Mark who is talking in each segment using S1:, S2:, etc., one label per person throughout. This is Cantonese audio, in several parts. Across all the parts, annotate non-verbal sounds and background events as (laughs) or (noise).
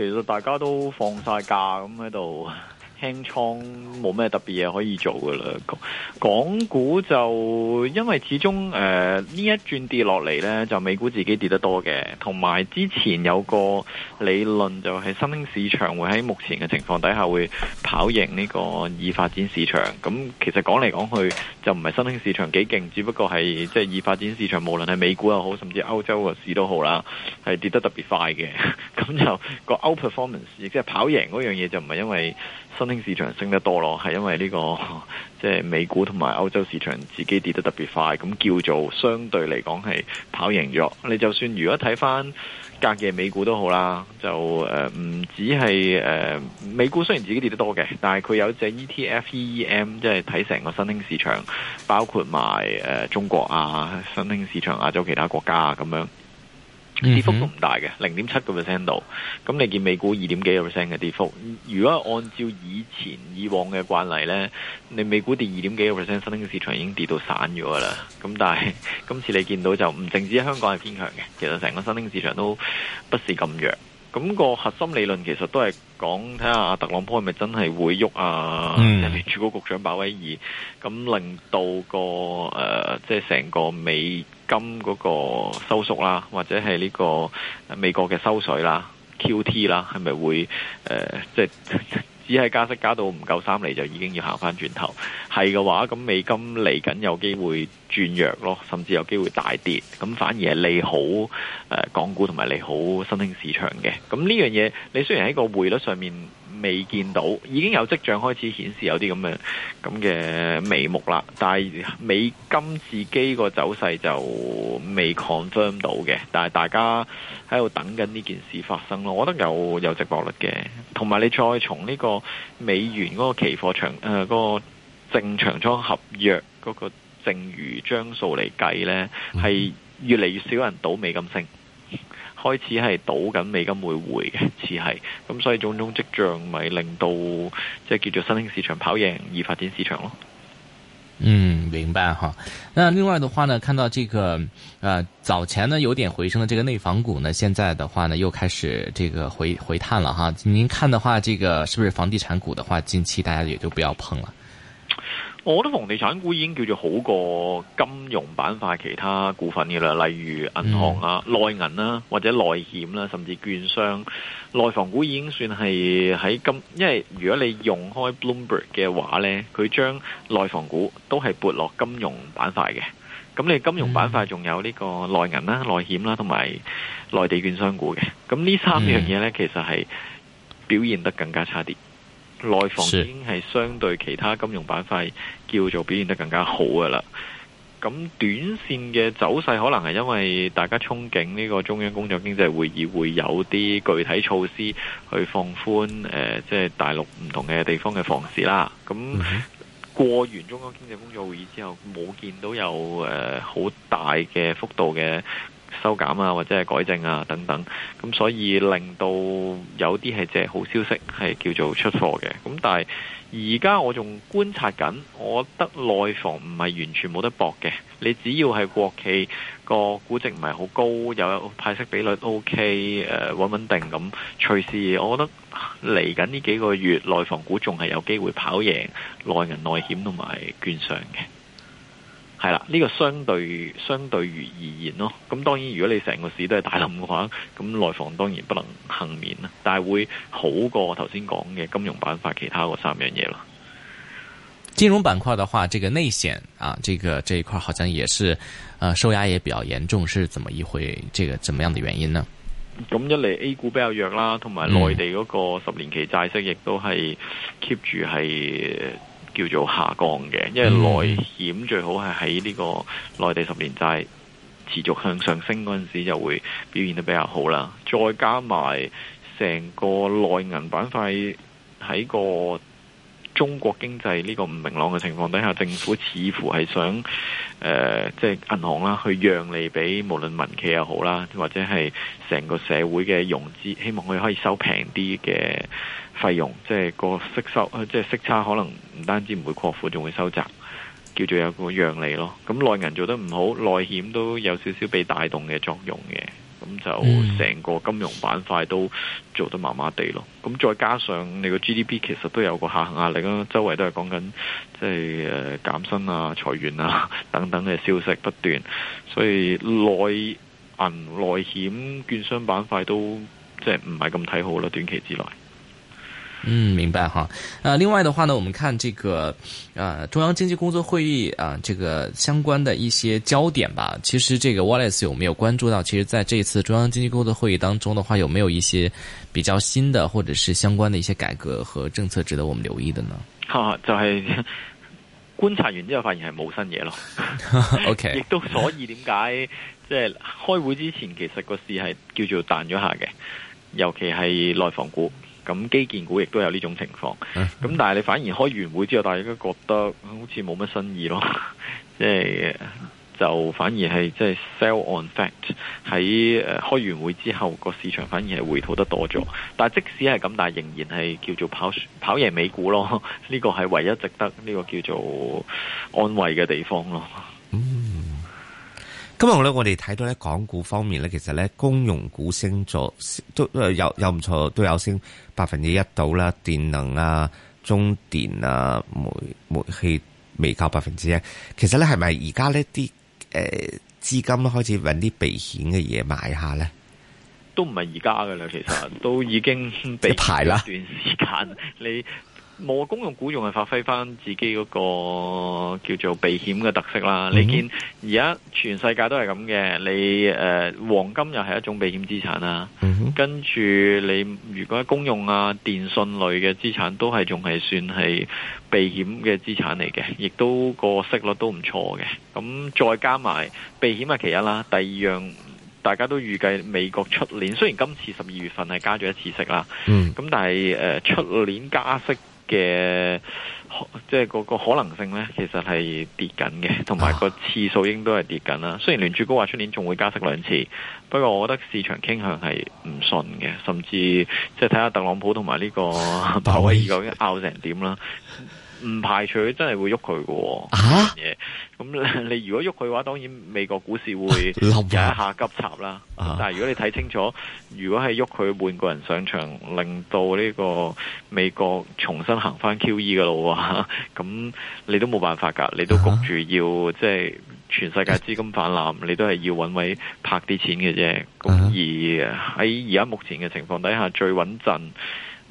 S1: 其實大家都放曬假，咁喺度。輕倉冇咩特別嘢可以做噶啦，港股就因為始終誒呢一轉跌落嚟呢，就美股自己跌得多嘅，同埋之前有個理論就係新興市場會喺目前嘅情況底下會跑贏呢個已發展市場。咁其實講嚟講去就唔係新興市場幾勁，只不過係即係已發展市場無論係美股又好，甚至歐洲個市都好啦，係跌得特別快嘅。咁 (laughs) 就個 outperformance，亦即係跑贏嗰樣嘢就唔係因為。新興市場升得多咯，係因為呢、這個即係、就是、美股同埋歐洲市場自己跌得特別快，咁叫做相對嚟講係跑贏咗。你就算如果睇翻隔夜美股都好啦，就誒唔止係誒美股，雖然自己跌得多嘅，但係佢有隻 ETF EEM，即係睇成個新興市場，包括埋誒、呃、中國啊、新興市場、亞洲其他國家啊咁樣。跌幅都唔大嘅，零點七個 percent 度。咁你見美股二點幾個 percent 嘅跌幅，如果按照以前以往嘅慣例呢，你美股跌二點幾個 percent，新興市場已經跌到散咗噶啦。咁但係今次你見到就唔淨止香港係偏強嘅，其實成個新興市場都不是咁弱。咁個核心理論其實都係講睇下特朗普係咪真係會喐啊？特別最高局長鮑威爾，咁令到個誒即係成個美金嗰個收縮啦，或者係呢個美國嘅收水啦、QT 啦，係咪會即係、呃即係、只係加息加到唔夠三厘，就已經要行返轉頭。係嘅話，咁美金嚟緊有機會轉弱咯，甚至有機會大跌，咁反而係利好、呃、港股同埋利好新興市場嘅。咁呢樣嘢，你雖然喺個匯率上面未見到，已經有跡象開始顯示有啲咁嘅咁嘅眉目啦。但係美金自己個走勢就未 confirm 到嘅，但係大家喺度等緊呢件事發生咯。我覺得有有直確率嘅，同埋你再從呢個美元嗰個期貨場嗰、呃嗰個正長倉合約嗰、嗰個。正如張數嚟計呢係越嚟越少人賭美金升，開始係賭緊美金會回嘅似係，咁所以種種跡象咪令到即係叫做新興市場跑贏而發展市場咯。
S2: 嗯，
S1: 明白哈。
S2: 那另外的話呢，看到這個，呃，早前呢有點回升的這個內房股呢，現在的話呢又開始這個回回探了哈。您看的話，這個是不是房地產股的話，近期大家也就不要碰了。
S1: 我覺得房地產股已經叫做好過金融板塊其他股份嘅啦，例如銀行啊、內銀啦、或者內險啦，甚至券商、內房股已經算係喺金，因為如果你用開 Bloomberg 嘅話呢，佢將內房股都係撥落金融板塊嘅。咁你金融板塊仲有呢個內銀啦、內險啦，同埋內地券商股嘅。咁呢三樣嘢呢，其實係表現得更加差啲。內房已經係相對其他金融板塊叫做表現得更加好嘅啦。咁短綫嘅走勢可能係因為大家憧憬呢個中央工作經濟會議會有啲具體措施去放寬誒，即係大陸唔同嘅地方嘅房市啦。咁過完中央經濟工作會議之後，冇見到有誒好大嘅幅度嘅。收減啊，或者係改正啊，等等，咁所以令到有啲係借好消息係叫做出貨嘅，咁但係而家我仲觀察緊，我覺得內房唔係完全冇得搏嘅，你只要係國企個估值唔係好高，又有派息比率 OK，誒穩穩定咁，隨時我覺得嚟緊呢幾個月內房股仲係有機會跑贏內銀內險同埋券商嘅。係啦，呢個相對相對於而言咯。咁當然，如果你成個市都係大冧嘅話，咁內房當然不能幸免啦。但係會好過頭先講嘅金融板塊其他嗰三樣嘢啦。
S2: 金融板塊嘅話，這個內險啊，這個這一塊好像也是，誒、呃，受壓也比較嚴重，是怎麼一回？這個怎麼樣的原因呢？
S1: 咁一嚟 A 股比較弱啦，同埋內地嗰個十年期債息亦都係 keep 住係叫做下降嘅，因為內險最好係喺呢個內地十年債持續向上升嗰陣時，就會表現得比較好啦。再加埋成個內銀板塊喺個。中國經濟呢個唔明朗嘅情況底下，政府似乎係想誒，即係銀行啦，去讓利俾無論民企又好啦，或者係成個社會嘅融資，希望佢可以收平啲嘅費用，即係個息收，即係息差可能唔單止唔會擴闊，仲會收窄，叫做有個讓利咯。咁內銀做得唔好，內險都有少少被帶動嘅作用嘅。咁就成個金融板塊都做得麻麻地咯。咁再加上你個 GDP 其實都有個下行壓力啦，周圍都係講緊即係誒減薪啊、裁員啊等等嘅消息不斷，所以內銀內險券商板塊都即係唔係咁睇好啦，短期之內。
S2: 嗯，明白哈。呃、啊、另外的話呢，我們看這個，呃、啊、中央經濟工作會議啊，這個相關的一些焦點吧。其實這個 Wallace 有沒有關注到？其實在這一次中央經濟工作會議當中的話，有沒有一些比較新的，或者是相關的一些改革和政策值得我們留意的呢？
S1: 啊，就係觀察完之後發現係冇新嘢咯。 (laughs) OK，亦都所以點解即係開會之前其實個市係叫做彈咗下嘅，尤其係內房股。咁基建股亦都有呢種情況，咁但係你反而開完會之後，大家都覺得好似冇乜新意咯，即係就反而係即係 sell on fact 喺開完會之後個市場反而係回吐得多咗，但係即使係咁，但係仍然係叫做跑跑贏美股咯，呢個係唯一值得呢個叫做安慰嘅地方咯。
S3: 今日咧，我哋睇到咧，港股方面咧，其實咧，公用股升咗，都有有唔錯，都有升百分之一到啦。電能啊、中電啊、煤煤氣未夠百分之一。其實咧，係咪而家呢啲誒資金開始搵啲避險嘅嘢買下咧？
S1: 都唔係而家噶啦，其實都已經俾排啦一段時間。你。冇公用股用係發揮翻自己嗰個叫做避險嘅特色啦。嗯、哼你見而家全世界都係咁嘅，你誒、呃、黃金又係一種避險資產啦、啊。嗯、哼跟住你如果公用啊、電信類嘅資產都係仲係算係避險嘅資產嚟嘅，亦都個息率都唔錯嘅。咁再加埋避險係其一啦，第二樣大家都預計美國出年雖然今次十二月份係加咗一次息啦，咁、嗯、但係誒出年加息。嘅即係嗰個可能性呢，其實係跌緊嘅，同埋個次數應該都係跌緊啦。雖然聯儲高話出年仲會加息兩次，不過我覺得市場傾向係唔順嘅，甚至即係睇下特朗普同埋呢個鮑威爾究竟拗成點啦。 (laughs) 唔排除真係會喐佢嘅，咁、啊、你如果喐佢嘅話，當然美國股市會有一下急插啦。啊、但係如果你睇清楚，如果係喐佢換個人上場，令到呢個美國重新行翻 QE 嘅路，咁你都冇辦法噶，你都焗住要即係、啊、全世界資金泛濫，你都係要搵位拍啲錢嘅啫。咁、啊、而喺而家目前嘅情況底下，最穩陣。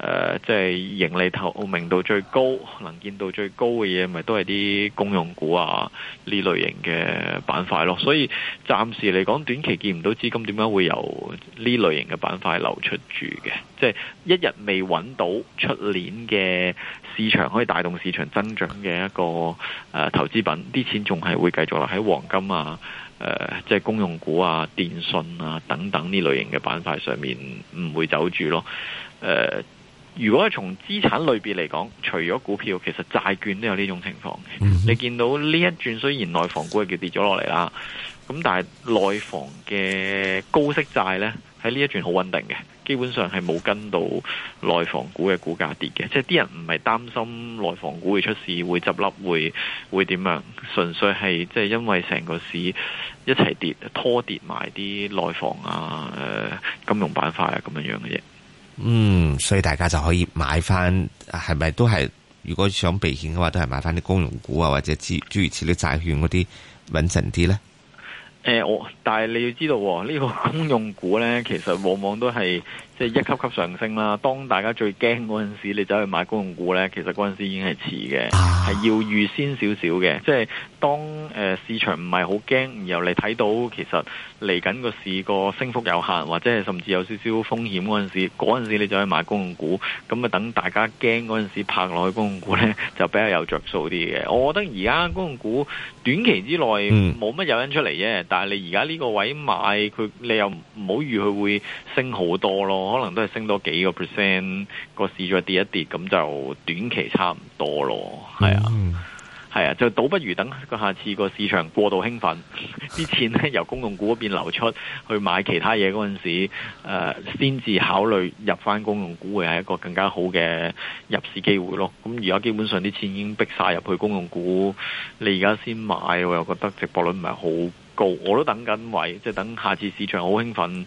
S1: 誒，即係、呃就是、盈利透明度最高、能見度最高嘅嘢，咪都係啲公用股啊呢類型嘅板塊咯。所以暫時嚟講，短期見唔到資金點解會由呢類型嘅板塊流出住嘅。即、就、係、是、一日未揾到出年嘅市場可以帶動市場增長嘅一個誒、呃、投資品，啲錢仲係會繼續留喺黃金啊、誒即係公用股啊、電信啊等等呢類型嘅板塊上面唔會走住咯，誒、呃。如果係從資產類別嚟講，除咗股票，其實債券都有呢種情況。你見到呢一轉雖然內房股係叫跌咗落嚟啦，咁但係內房嘅高息債呢，喺呢一轉好穩定嘅，基本上係冇跟到內房股嘅股價跌嘅。即係啲人唔係擔心內房股會出事會執笠會會點樣，純粹係即係因為成個市一齊跌拖跌埋啲內房啊、呃、金融板塊啊咁樣樣嘅啫。
S3: 嗯，所以大家就可以買翻，係咪都係？如果想避險嘅話，都係買翻啲公用股啊，或者諸如此類啲債券嗰啲穩陣啲呢。
S1: 誒、呃，我但係你要知道，呢、呢個公用股呢，其實往往都係。即係一級級上升啦。當大家最驚嗰陣時，你走去買公用股呢，其實嗰陣時已經係遲嘅，係要預先少少嘅。即係當誒市場唔係好驚，然後你睇到其實嚟緊個市個升幅有限，或者係甚至有少少風險嗰陣時，嗰陣時你就去買公用股。咁啊，等大家驚嗰陣時拍落去公用股呢，就比較有著數啲嘅。我覺得而家公用股短期之內冇乜誘因出嚟啫。嗯、但係你而家呢個位買佢，你又唔好預佢會升好多咯。可能都係升多幾個 percent，個市再跌一跌，咁就短期差唔多咯。係啊，係啊，就倒不如等個下次個市場過度興奮，啲錢呢由公用股嗰邊流出，去買其他嘢嗰陣時，呃、先至考慮入翻公用股，會係一個更加好嘅入市機會咯。咁而家基本上啲錢已經逼晒入去公用股，你而家先買，我又覺得直播率唔係好高，我都等緊位，即係等下次市場好興奮。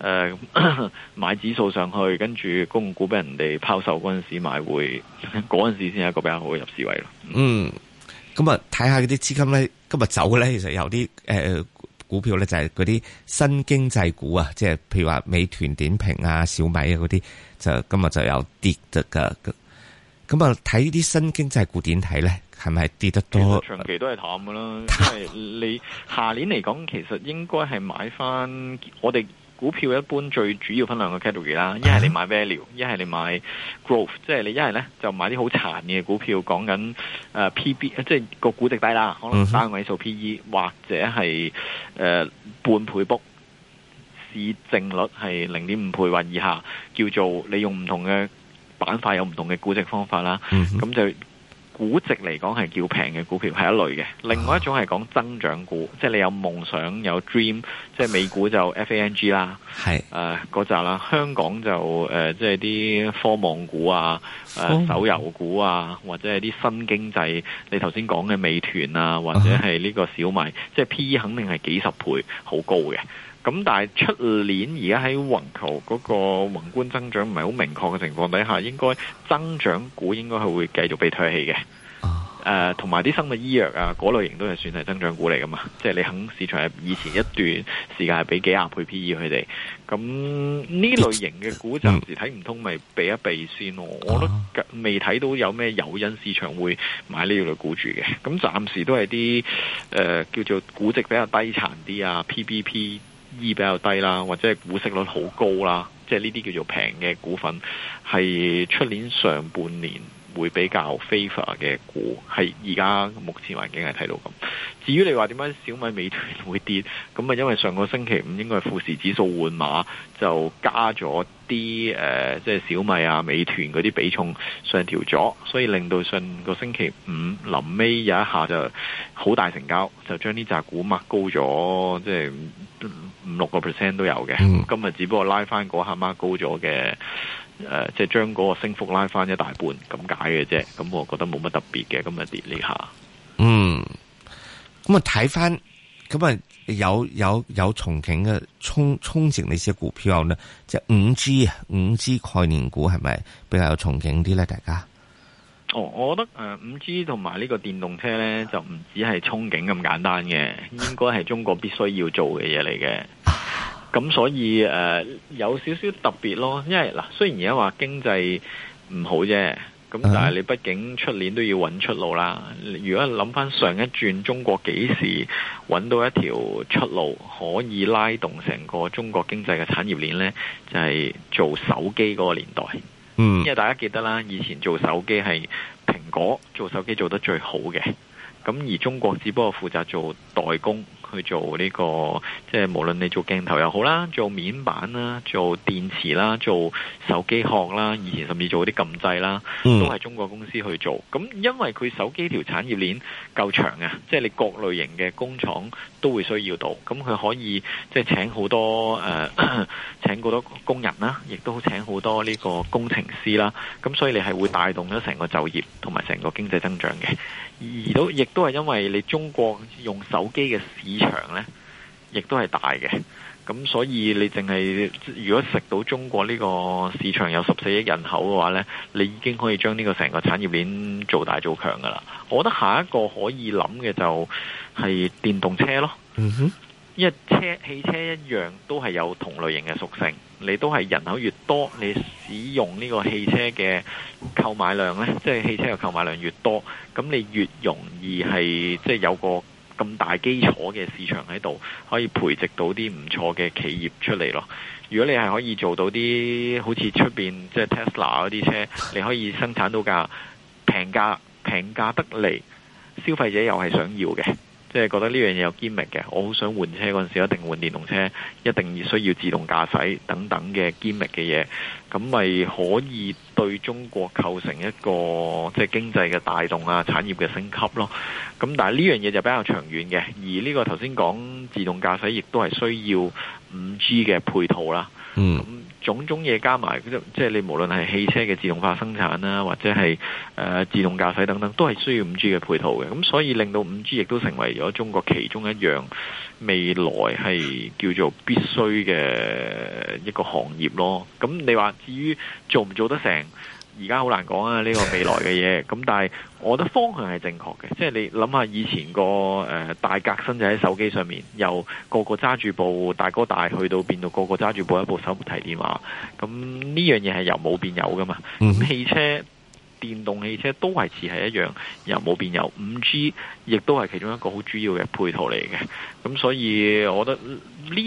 S1: 誒， (coughs) 買指數上去，跟住供股俾人哋拋售嗰陣時買會，會嗰陣時先係一個比較好嘅入市位咯、嗯。
S3: 嗯，咁啊，睇下嗰啲資金咧，今日走咧，其實有啲誒、呃、股票咧，就係嗰啲新經濟股啊，即係譬如話美團點評啊、小米啊嗰啲，就今日就有跌得㗎。咁咁啊，睇啲新經濟股點睇咧？係咪跌得多？其實
S1: 長期都係淡噶啦， (laughs) 因為你下年嚟講，其實應該係買翻我哋。股票一般最主要分兩個 category 啦，一係你買 value，一係你買 growth，即係你一係咧就買啲好殘嘅股票，講緊誒、呃、PB，即係個估值低啦，可能單位數 PE 或者係誒、呃、半倍 book 市淨率係零點五倍或以下，叫做你用唔同嘅板塊有唔同嘅估值方法啦，咁、嗯、哼就。估值嚟講係叫平嘅股票係一類嘅，另外一種係講增長股，oh. 即係你有夢想有 dream，即係美股就 FANG 啦，係嗰集啦，香港就、呃、即係啲科網股啊，oh. 手遊股啊，或者係啲新經濟，你頭先講嘅美團啊，或者係呢個小米，oh. 即係 P E 肯定係幾十倍，好高嘅。咁但係出年而家喺環球嗰個宏觀增長唔係好明確嘅情況底下，應該增長股應該係會繼續被推起嘅。誒、呃，同埋啲生物醫藥啊，嗰類型都係算係增長股嚟噶嘛？即係你肯市場係以前一段時間係俾幾廿倍 P/E 佢哋，咁呢類型嘅股暫時睇唔通，咪、嗯、避一避先咯。我都未睇到有咩誘因市場會買呢類股住嘅。咁暫時都係啲誒叫做估值比較低殘啲啊 P/B/P。依比較低啦，或者係股息率好高啦，即係呢啲叫做平嘅股份，係出年上半年，會比較 favor 嘅股，係而家目前環境係睇到咁。至於你話點解小米、美團會跌，咁啊，因為上個星期五應該係富時指數換碼就加咗啲誒，即、呃、係、就是、小米啊、美團嗰啲比重上調咗，所以令到上個星期五臨尾有一下就好大成交，就將呢隻股擘高咗，即係五六個 percent 都有嘅。嗯、今日只不過拉翻嗰下 mark 高咗嘅。誒、呃，即係將嗰個升幅拉翻一大半咁解嘅啫，咁我覺得冇乜特別嘅，咁啊跌呢下，嗯，
S3: 咁啊睇翻，咁啊有有有憧憬嘅冲憧憬呢些股票呢，即係五 G 五 G 概念股係咪比較有憧憬啲咧？大家，
S1: 哦，我覺得誒，五 G 同埋呢個電動車咧，就唔止係憧憬咁簡單嘅，應該係中國必須要做嘅嘢嚟嘅。 (laughs) 咁所以誒、呃、有少少特別咯，因為嗱，雖然而家話經濟唔好啫，咁但係你畢竟出年都要揾出路啦。如果諗返上一轉，中國幾時揾到一條出路可以拉動成個中國經濟嘅產業鏈呢，就係、是、做手機嗰個年代，嗯、
S3: 因為
S1: 大家記得啦，以前做手機係蘋果做手機做得最好嘅，咁而中國只不過負責做代工。去做呢、這個，即係無論你做鏡頭又好啦，做面板啦，做電池啦，做手機殼啦，以前甚至做啲撳掣啦，都係中國公司去做。咁因為佢手機條產業鏈夠長啊，即係你各類型嘅工廠都會需要到。咁佢可以即係請好多誒、呃、請好多工人啦，亦都請好多呢個工程師啦。咁所以你係會帶動咗成個就業同埋成個經濟增長嘅。而都亦都係因為你中國用手機嘅市場長呢，亦都係大嘅，咁所以你淨係如果食到中國呢個市場有十四億人口嘅話呢，你已經可以將呢個成個產業鏈做大做強噶啦。我覺得下一個可以諗嘅就係電動車咯，嗯哼，因為車、汽車一樣都係有同類型嘅屬性，你都係人口越多，你使用呢個汽車嘅購買量呢，即係汽車嘅購買量越多，咁你越容易係即係有個。咁大基礎嘅市場喺度，可以培植到啲唔錯嘅企業出嚟咯。如果你係可以做到啲好似出面即係 Tesla 嗰啲車，你可以生產到價平價平價得嚟，消費者又係想要嘅。即係覺得呢樣嘢有堅力嘅，我好想換車嗰陣時一定換電動車，一定要需要自動駕駛等等嘅堅力嘅嘢，咁咪可以對中國構成一個即係經濟嘅帶動啊、產業嘅升級咯。咁但係呢樣嘢就比較長遠嘅，而呢個頭先講自動駕駛亦都係需要五 G 嘅配套啦。嗯。種種嘢加埋，即係你無論係汽車嘅自動化生產啦，或者係、呃、自動駕駛等等，都係需要 5G 嘅配套嘅。咁所以令到 5G 亦都成為咗中國其中一樣未來係叫做必須嘅一個行業咯。咁你話至於做唔做得成？而家好難講啊！呢個未來嘅嘢，咁但係我覺得方向係正確嘅，即係你諗下以前個誒、呃、大革新就喺手機上面，由個個揸住部大哥大去到變到個個揸住部一部手提電話，咁呢樣嘢係由冇變有噶嘛？Mm hmm. 汽車電動汽車都維持係一樣，由冇變有，五 G 亦都係其中一個好主要嘅配套嚟嘅，咁所以我覺得呢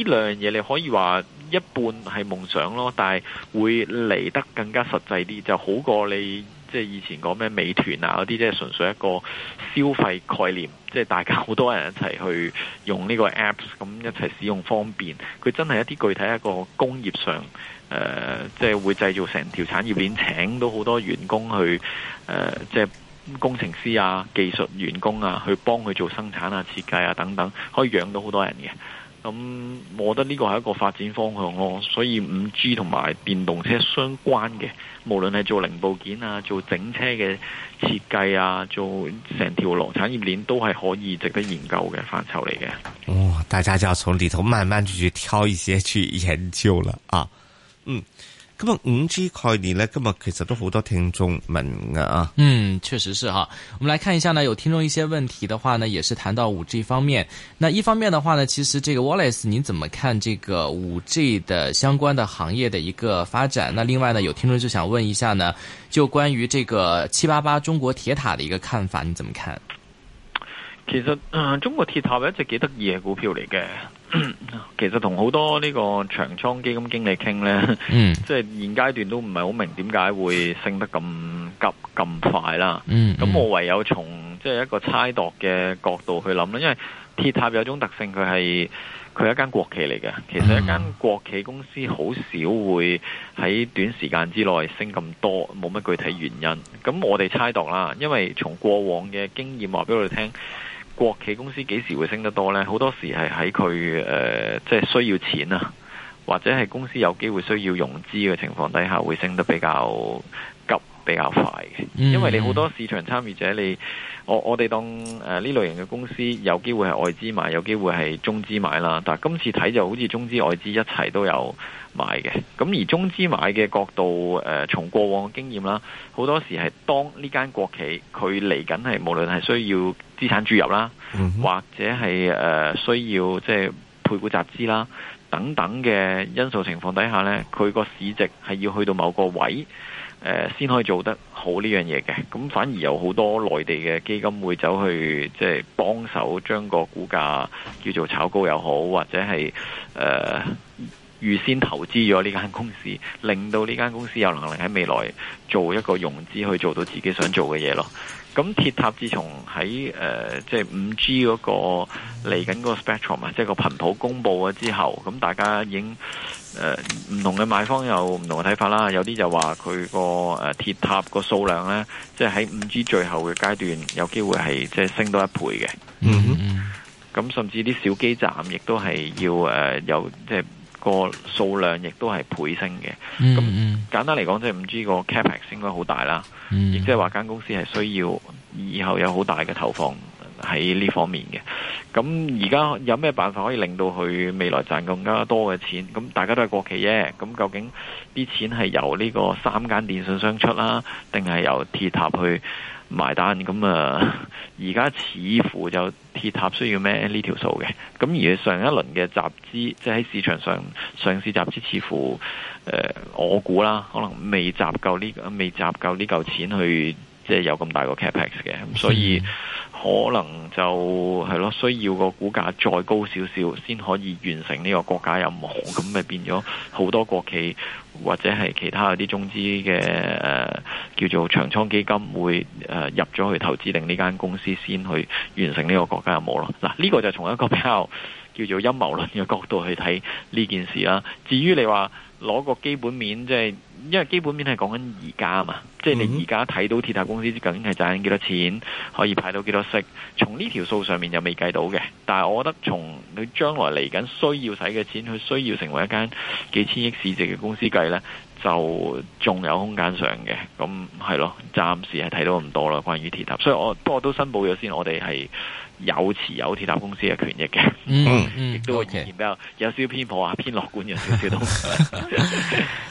S1: 兩樣嘢你可以話。一半係夢想咯，但係會嚟得更加實際啲，就好過你即係以前講咩美團啊嗰啲，即係純粹一個消費概念，即係大家好多人一齊去用呢個 apps，咁一齊使用方便。佢真係一啲具體一個工業上，誒、呃，即係會製造成條產業鏈，請到好多員工去，誒、呃，即係工程師啊、技術員工啊，去幫佢做生產啊、設計啊等等，可以養到好多人嘅。咁、嗯，我覺得呢個係一個發展方向咯。所以 5G 同埋電動車相關嘅，無論係做零部件啊，做整車嘅設計啊，做成條龍產業鏈都係可以值得研究嘅範疇嚟嘅。
S3: 哦，大家就要從裏頭慢慢去挑一些去研究啦，啊，
S1: 嗯。
S2: 今日五 G 概念呢？今日其實都好多聽眾問啊。嗯，確實是哈。我們來看一下呢，有聽眾一些問題的話呢，也是談到五 G 方面。那一方面的話呢，其實這個 Wallace，你怎麼看這個五 G 的相關的行業的一個發展？那另外呢，有聽眾就想問一下呢，就關於這個七八八中國鐵塔的一個看法，你怎麼看？
S1: 其實，嗯，中國鐵塔一直幾得意嘅股票嚟嘅。其實同好多呢個長倉基金經理傾呢，嗯、即係現階段都唔係好明點解會升得咁急咁快啦。咁、嗯嗯、我唯有從即係一個猜度嘅角度去諗啦，因為鐵塔有一種特性，佢係佢係一間國企嚟嘅。其實一間國企公司好少會喺短時間之內升咁多，冇乜具體原因。咁我哋猜度啦，因為從過往嘅經驗話俾我哋聽。國企公司幾時會升得多呢？好多時係喺佢誒，即係需要錢啊，或者係公司有機會需要融資嘅情況底下，會升得比較急、比較快嘅。嗯。因為你好多市場參與者，你我我哋當誒呢、呃、類型嘅公司有機會係外資買，有機會係中資買啦。但係今次睇就好似中資、外資一齊都有。買嘅。咁而中資買嘅角度，誒、呃、從過往嘅經驗啦，好多時係當呢間國企佢嚟緊係無論係需要資產注入啦，嗯、哼或者係誒、呃、需要即係、就是、配股集資啦等等嘅因素情況底下呢，佢個市值係要去到某個位誒先、呃、可以做得好呢樣嘢嘅。咁反而有好多內地嘅基金會走去即係、就是、幫手將個股價叫做炒高又好，或者係誒。呃預先投資咗呢間公司，令到呢間公司有能力喺未來做一個融資，去做到自己想做嘅嘢咯。咁鐵塔自從喺即係五 G 嗰、嗰個嚟緊個 spectrum 啊，即係個頻譜公佈咗之後，咁大家已經誒唔、呃、同嘅買方有唔同嘅睇法啦。有啲就話佢個鐵塔個數量呢，即係喺五 G 最後嘅階段有機會係即係升到一倍嘅。嗯哼、mm，咁、hmm。甚至啲小基站亦都係要誒、呃、有即係。即係個數量亦都係倍升嘅，咁、嗯嗯、簡單嚟講，即係 5G 個 capex 應該好大啦，亦即係話間公司係需要以後有好大嘅投放喺呢方面嘅。咁而家有咩辦法可以令到佢未來賺更加多嘅錢？咁大家都係國企嘅，咁究竟啲錢係由呢個三間電信商出啦，定係由鐵塔去埋單？咁啊，而、呃、家似乎就。鐵塔需要咩呢條數嘅？咁而上一輪嘅集資，即係喺市場上上市集資，似乎誒，我估啦，可能未集夠呢，未集夠呢嚿錢去。即係有咁大個 capex 嘅，咁所以可能就係咯，需要個股價再高少少，先可以完成呢個國家任務。咁咪變咗好多國企或者係其他嗰啲中資嘅叫做長倉基金會入咗去投資，令呢間公司先去完成呢個國家任務咯。嗱，呢個就從一個比較叫做陰謀論嘅角度去睇呢件事啦。至於你話攞個基本面，即係因為基本面係講緊而家嘛，嗯、哼即係你而家睇到鐵塔公司究竟係賺幾多錢，可以派到幾多息。從呢條數上面又未計到嘅。但係我覺得從佢將來嚟緊需要使嘅錢，佢需要成為一間幾千億市值嘅公司計呢，就仲有空間上嘅。咁係咯，暫時係睇到咁多啦。關於鐵塔，所以我不過都申報咗先，我哋係，有持有鐵塔公司嘅權益嘅、嗯，嗯嗯，亦都意見有少少 Okay. 偏頗啊，偏樂觀嘅少
S2: 少都。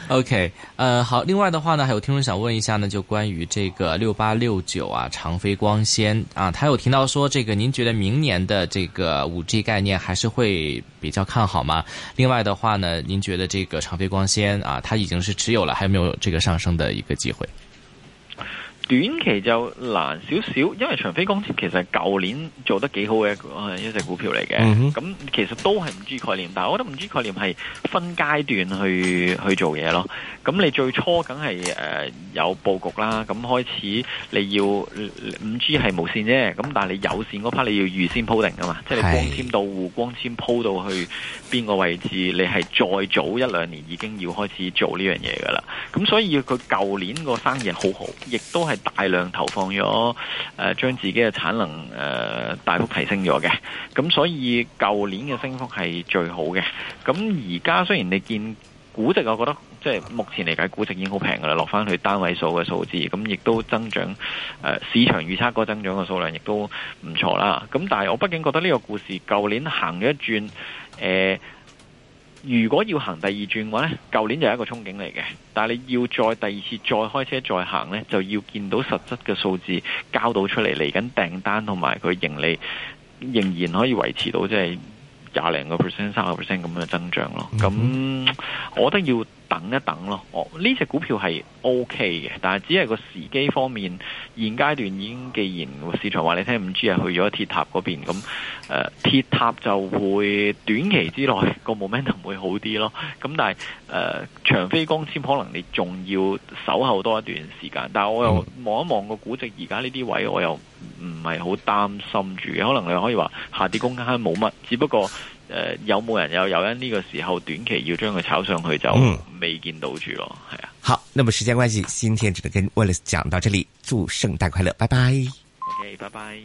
S2: (laughs) OK，啊、呃、好，另外的話呢，還有聽眾想問一下呢，就關於這個六八六九啊，長飛光纖啊，他有提到說，這個您覺得明年的這個五 G 概念，還是會比較看好嗎？另外的話呢，您覺得這個長飛光纖啊，它已經是持有了，還有沒有這個上升的一個機會？
S1: 短期就難少少，因為長飛光纖其實係舊年做得幾好嘅一一隻股票嚟嘅。咁、嗯、哼其實都係五 G 概念，但係我覺得五 G 概念係分階段去去做嘢咯。咁你最初梗係誒有布局啦，咁開始你要五 G 係無線啫。咁但係你有線嗰 part 你要預先鋪定㗎嘛？是即係你光纖到戶、光纖鋪到去邊個位置，你係再早一兩年已經要開始做呢樣嘢㗎啦。咁所以佢舊年個生意好好，亦都係。大量投放咗，誒、呃，將自己嘅產能誒、呃、大幅提升咗嘅，咁所以舊年嘅升幅係最好嘅。咁而家雖然你見估值，我覺得即係目前嚟計，估值已經好平噶啦，落翻去單位數嘅數字，咁亦都增長、呃。市場預測嗰增長嘅數量亦都唔錯啦。咁但係我畢竟覺得呢個故事舊年行咗一轉，誒、呃。如果要行第二轉嘅話，咧，舊年就係一個憧憬嚟嘅，但係你要再第二次再開車再行咧，就要見到實質嘅數字交到出嚟嚟緊訂單同埋佢盈利仍然可以維持到即係廿零個 percent、三十個 percent 咁嘅增長咯。咁、mm hmm. 我覺得要。等一等咯，我呢隻股票係 O K 嘅，但係只係個時機方面，現階段已經既然市場話你聽 5G 係去咗鐵塔嗰邊，咁誒、呃、鐵塔就會短期之內，個 momentum 會好啲咯。咁但係誒、呃、長飛光纖可能你仲要守候多一段時間。但係我又望一望個估值而家呢啲位，我又唔係好擔心住。可能你可以話下跌空間冇乜，只不過。誒、呃，有冇人有？有人呢個時候短期要將佢炒上去就未見到住咯，係
S3: 啊、嗯。的好，那麼時間關係，今天只能跟，Wallace 講到這裏。祝聖誕快樂，拜拜。OK，拜拜。